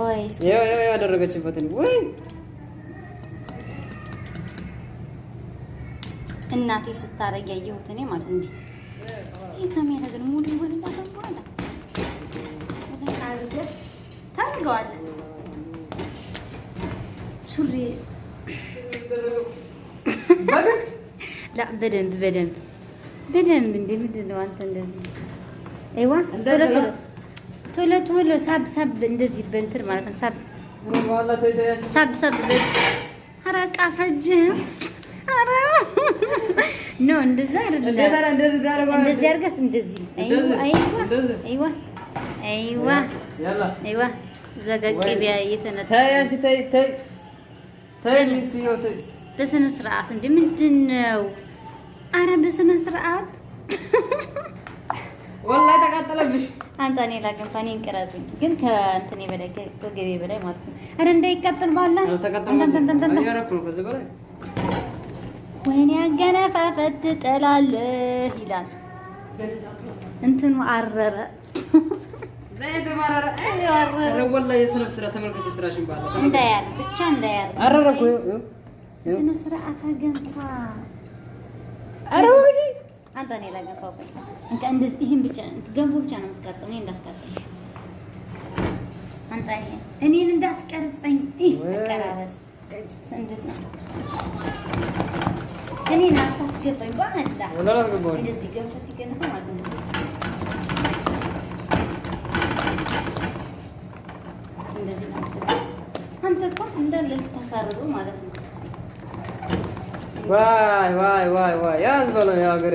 ቆይ ያደረገችበትን ወይ እናቴ ስታረግ ያየሁት እኔ ማለት እንዴ ይሄ ካሜራ ግን ሙሉ ይሆን እንዳሰባለ ታደርገዋለ ሱሪ በደንብ በደንብ በደንብ እንደ ምንድን ነው አንተ እንደዚህ ቶሎ ቶሎ ሳብ ሳብ እንደዚህ በእንትን ማለት ነው። ሳብ ሳብ ሳብ ኧረ ቃፈጅህ ኧረ ኖ እንደዛ አይደለም። እንደዚህ አድርገስ እንደዚህ አይዋ አይዋ አይዋ በስነ ስርዓት እንደ ምንድን ነው? ኧረ በስነ ስርዓት ወላሂ ተቃጠለብሽ። አንተ እኔ ላገንፋ እኔን ቅረጹኝ፣ ግን ከእንትን በላይ ከገቢ በላይ ማለት ነው። እኔ እንዳይቀጥል ባላ ወይኔ አገነፋ ፈት ጥላለህ ይላል እንትኑ አረረ እንዳያር ብቻ አንተ እኔ ላይ ገፋብኝ። እንደዚህ ይሄን ብቻ ገንፎ ብቻ ነው የምትቀርጸው። እኔ እንዳትቀርጸኝ አንተ ይሄ እኔን እንዳትቀርጸኝ። ይሄ አቀራረጽ እንደዚህ ነው። እኔን አታስገባኝ በአላ እንደዚህ ገንፎ ሲገነፋ ማለት ነው። እንደዚህ አንተ እኮ እንዳለ ልታሳርሩ ማለት ነው። ዋይ ዋይ ዋይ ዋይ ያዝ በለው የሀገሬ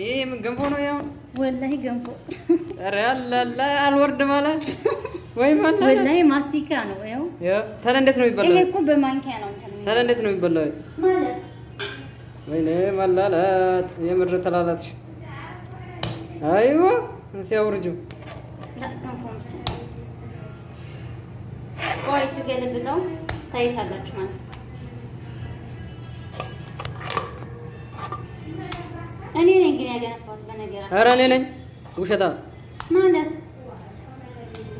ይሄ ምን ገንፎ ነው? ያው ወላሂ ገንፎ ኧረ አላላ አልወርድ ማለት ወይ ማለት ወላሂ ማስቲካ ነው። ያው ያው ታዲያ እንዴት ነው የሚበላው? ይሄ እኮ በማንኪያ ነው እንትን ታዲያ እንዴት ነው የሚበላው ማለት? ወይኔ መላላት የምር ተላላትሽ። አይዋ ሲያውርጁ ታይታላችሁ ማለት ነው። እኔ ነኝ ግን ያገነፋሁት በነገራችን። ኧረ እኔ ነኝ ውሸታ ማለት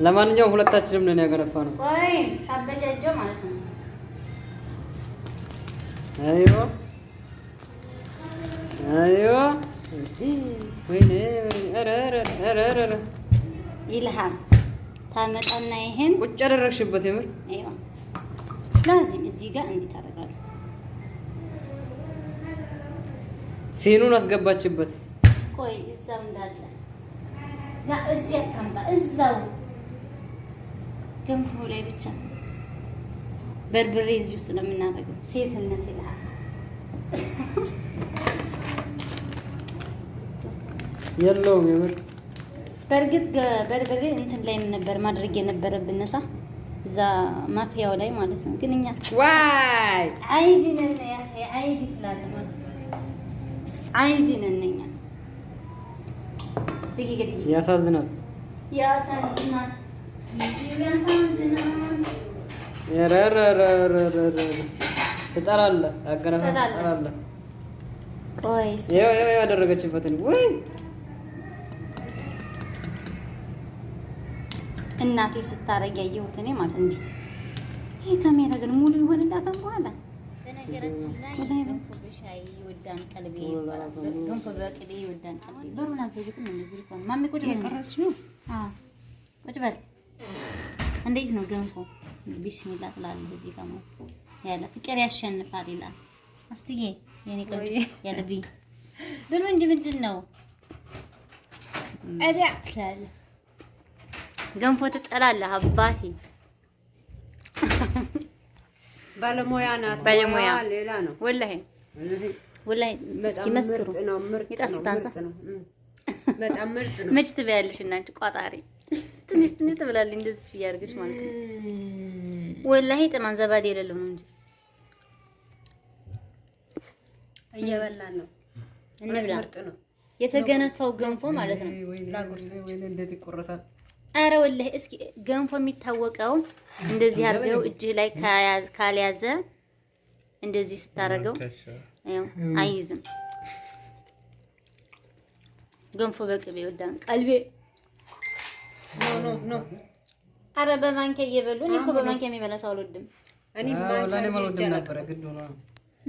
ለማንኛውም ሁለታችንም ነን ያገነፋ ነው። ቆይ አበጃጀው ማለት ነው። አይዮ አይዮ ይልሃል። ታመጣና ይሄን ቁጭ አደረግሽበት የምር ለዚህ እዚህ ጋር እንዴት ሲኑን አስገባችበት። ቆይ እዛው እንዳለ እዚህ እዛው ገንፎ ላይ ብቻ በርበሬ እዚህ ውስጥ ነው የምናደርገው። ሴትነት ይላል። የለውም የምር። በእርግጥ በርበሬ እንትን ላይ ምን ነበር ማድረግ የነበረብን ነሳ እዛ ማፊያው ላይ ማለት ነው። ግን እኛ ዋይ አይዲ ነን ያ አይዲ ትላለህ ማለት ነው አይድንን እኛ ያሳዝናል፣ ያሳዝናል፣ ያደረገችበትን እናቴ ስታረግ ያየሁት እኔ ማለት እንዲህ ይህ ካሜራ ግን ሙሉ ይሆንላታል በኋላ በነገራችን ላይ ገንፎ በሻይ ይወዳን ቀልቤ ይባላል። ገንፎ በቅቤ ይወዳን ቀልቤ። በሩን አዘጉትም እንግዲህ ማሚ ቁጭ በል ቁጭ በል። እንዴት ነው ገንፎ? ቢስሚላ ትላለህ እዚህ ጋር ያለ ፍቅር ያሸንፋል ይላል። አስትዬ የኔ ቆንጆ ያለብ ብሉ እንጂ ምንድን ነው ገንፎ ትጠላለህ አባቴ ባለሙያ ናት። ባለሙያ ሌላ ነው። ወላሂ ወላሂ እስኪ መስክሩ። ይጣፍጣል። በጣም ምርጥ ነው። መች ትበያለሽ እናንቺ ቋጣሪ ትንሽ ትንሽ ትበላለች እንደዚህ እያደረገች ማለት ነው። ወላሂ ጥማን ዘባዴ የሌለው ነው እንጂ እየበላን ነው። እንብላ። የተገነፋው ገንፎ ማለት ነው። አረ ወላሂ እስኪ ገንፎ የሚታወቀው እንደዚህ አድርገው እጅህ ላይ ካልያዘ እንደዚህ ስታደርገው አይዝም። ገንፎ በቅቤ ወዳን ቀልቤ አረ በማንኪያ እየበሉ እኔ እኮ በማንኪያ የሚበላ ሰው አልወድም።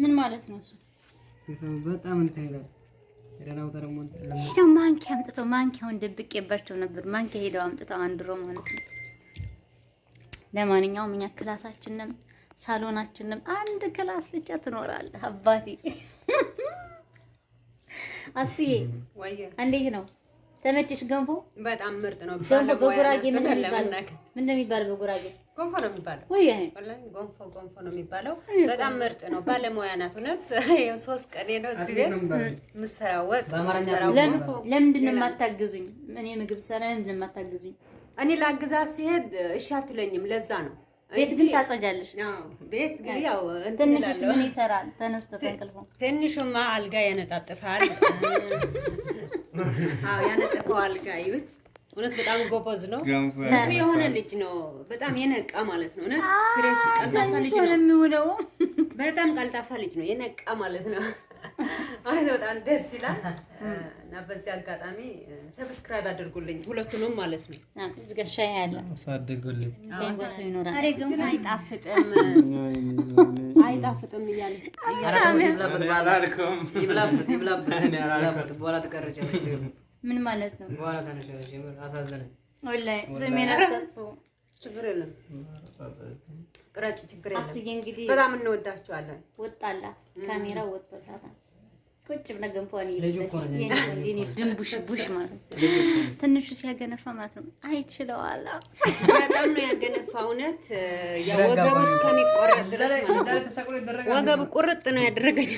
ምን ማለት ነው? በጣም እንትን ይላል ሄደው ማንኪያ አምጥተው ማንኪያውን ደብቄባቸው ነበር። ማንኪያ ሄደው አምጥተው አንድሮ ማለት ነው። ለማንኛውም እኛ ክላሳችንም ሳሎናችንም አንድ ክላስ ብቻ ትኖራል። አባቴ አስዬ እንዴት ነው? ተመችሽ? ገንፎ በጣም ምርጥ ነው። ገንፎ በጉራጌ ምን የሚባለው ምን የሚባለው በጉራጌ ጎንፎ ነው የሚባለው ወይ? አይ ጎንፎ ጎንፎ ነው የሚባለው። በጣም ምርጥ ነው። ባለሙያ ናት። እውነት ይኸው ሶስት ቀኔ ነው እዚህ ቤት የምትሰራው ወጥ። ለምንድን ነው የማታግዙኝ? እኔ ምግብ ሰራ ለምንድን ነው የማታግዙኝ? እኔ ላግዛ ሲሄድ እሺ አትለኝም። ለዛ ነው ቤት ግን ታጸጃለሽ። ቤት ግን ያው ትንሹስ ምን ይሰራል? ተነስቶ ተንቅልፎ ትንሹማ አልጋ ያነጣጥፋል ያነጠፈው አልጋ ይሁት እውነት በጣም ጎበዝ ነው። የሆነ ልጅ ነው፣ በጣም የነቃ ማለት ነው። እውነት ቀልጣፋ ልጅ ነው። በጣም ቀልጣፋ ልጅ ነው፣ የነቃ ማለት ነው። አሁን በጣም ደስ ይላል እና በዚህ አጋጣሚ ሰብስክራይብ አድርጉልኝ ሁለቱንም ማለት ነው። እዚህ ጋር ሻይ ያለ አሳድጉልኝ። አሬ ግን አይጣፍጥም አይጣፍጥም እያለ ነው? ቅረጭ፣ ችግር የለም። በጣም እንወዳቸዋለን። ወጣላት ካሜራ ወጥቶላታል። ቁጭ ብለህ ገንፎን ድንቡሽ ቡሽ ማለት ትንሹ ሲያገነፋ ማለት ነው። አይችለዋል። በጣም ነው ያገነፋ። እውነት ወገቡ እስከሚቆረጥ ድረስ ወገቡ ቁርጥ ነው ያደረገች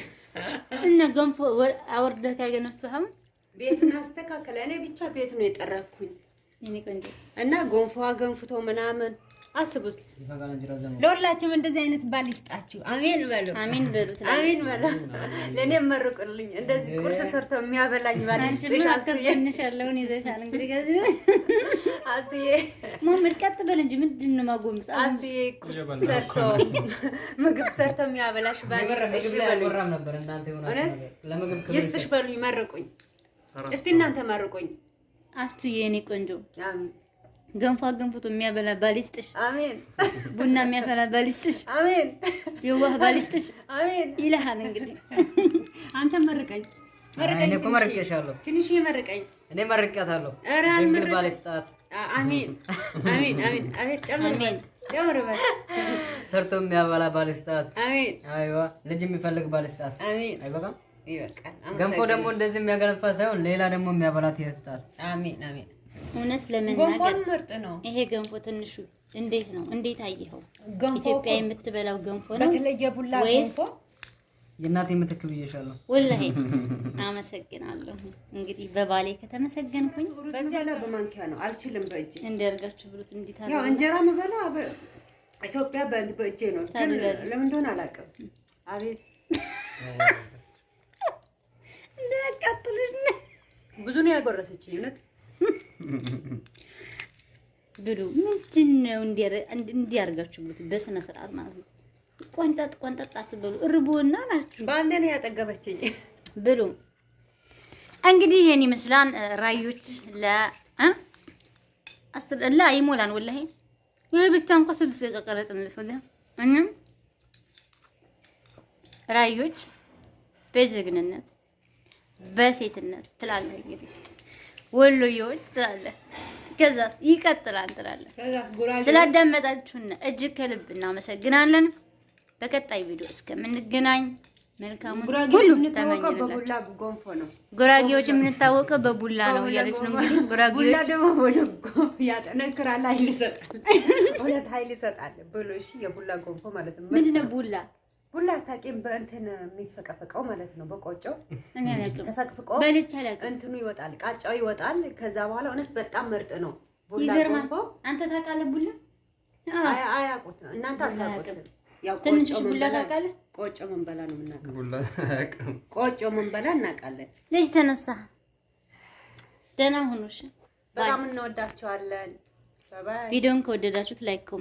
እና ገንፎ አወርደህ ያገነፋህ ቤቱን አስተካከለ። እኔ ብቻ ቤት ነው የጠረኩኝ እና ገንፎዋ ገንፍቶ ምናምን አስቡት። ለሁላችሁም እንደዚህ አይነት ባል ይስጣችሁ። አሜን በሉ፣ አሜን በሉ፣ አሜን በሉ። ለእኔ መርቁልኝ፣ እንደዚህ ቁርስ ሰርተው የሚያበላኝ ባል ይስጥሽ። ትንሽ ያለውን ይዘሻል እንግዲህ ከዚህ አስቴ ሞምድ ቀጥ በል እንጂ ምንድን ነው ማጎምጽ? አስቴ ቁርስ ሰርቶ ምግብ ሰርተው የሚያበላሽ ባል ይስጥሽ በሉ። ይስጥሽ በሉኝ፣ መርቁኝ። እስቲ እናንተ መርቁኝ። አስትዬ የኔ ቆንጆ አሜን ገንፎ ገንፎቱ የሚያበላ ባሊስጥሽ፣ አሜን። ቡና የሚያፈላ ባሊስጥሽ፣ አሜን። የዋህ ባሊስጥሽ፣ አሜን ይልሃል። እንግዲህ አንተ መርቀኝ መርቀኝ፣ እኮ መርቄሻለሁ፣ ትንሽ መርቀኝ፣ እኔ መርቄያታለሁ። ድንግል ባሊስጣት፣ አሜን፣ አሜን፣ አሜን፣ አሜን። ጨምር ጨምር ጨምርበት። ሰርቶ የሚያበላ ባሊስጣት፣ አሜን። አይዋ ልጅ የሚፈልግ ባሊስጣት፣ አሜን። አይበቃም፣ ይበቃል። ገንፎ ደግሞ እንደዚህ የሚያገለፋ ሳይሆን ሌላ ደግሞ የሚያበላት ይህ ይስጣት፣ አሜን፣ አሜን እውነት ለመናገር ምርጥ ነው ይሄ ገንፎ። ትንሹ እንዴት ነው? እንዴት አየኸው? ኢትዮጵያ የምትበላው ገንፎ ነው በተለይ የቡላ ገንፎ የእናቴ ምትክ ብዬሻለሁ። ወላሂ አመሰግናለሁ። እንግዲህ በባሌ ከተመሰገንኩኝ በዚያ ላይ በማንኪያ ነው አልችልም። በእጅ እንዲያርጋችሁ ብሉት። እንዲታ ያው እንጀራ ምበላ ኢትዮጵያ በእጄ ነው። ለምን እንደሆነ አላውቅም። አቤት እንዳያቃጥልሽ ብዙ ነው ያጎረሰችኝ እውነት ድዱ ምንድን ነው? እንዲያርጋችሁ ብሉት በስነ ስርዓት ማለት ነው። ቆንጠጥ ቆንጠጥ አትበሉ። እርቦና ናችሁ በአንዴ ነው ያጠገበችኝ ብሉ። እንግዲህ ይሄን ይመስላል ራዮች ለ አስተላ ይሞላን ወላሂ ወይ ብቻ እንኳን ስድስት ነው ወላሂ እኛም ራዮች በጀግንነት በሴትነት ትላለህ እንግዲህ ወሎዬዎች ትላለን። ከዛ ይቀጥላል ትላለን። ስላዳመጣችሁን እጅግ ከልብ እናመሰግናለን። በቀጣይ ቪዲዮ እስከምንገናኝ መልካሙ ሁሉ ተመኝላችሁ። ጉራጌዎች የምንታወቀው በቡላ ነው እያለች ነው እንግዲህ። ጉራጌዎች ደግሞ ያጠነክራል፣ ኃይል ይሰጣል። እውነት ኃይል ይሰጣል ብሎ እሺ፣ የቡላ ጎንፎ ማለት ነው። ምንድን ነው ቡላ? ሁላ አታውቂም። በእንትን የሚፈቀፈቀው ማለት ነው፣ በቆጮ ተፈቅፍቆ እንትኑ ይወጣል፣ ቃጫው ይወጣል። ከዛ በኋላ እውነት በጣም ምርጥ ነው። አንተ ታውቃለህ? ቡላ አያውቁት እናንተ አታውቁትም። ትንሽ ቡላ ታውቃለህ? ቆጮ መንበላ ነው የምናውቀው። ቆጮ መንበላ እናውቃለን። ልጅ ተነሳ። ደህና ሁኑ። በጣም እንወዳቸዋለን። ቪዲዮን ከወደዳችሁት ላይክ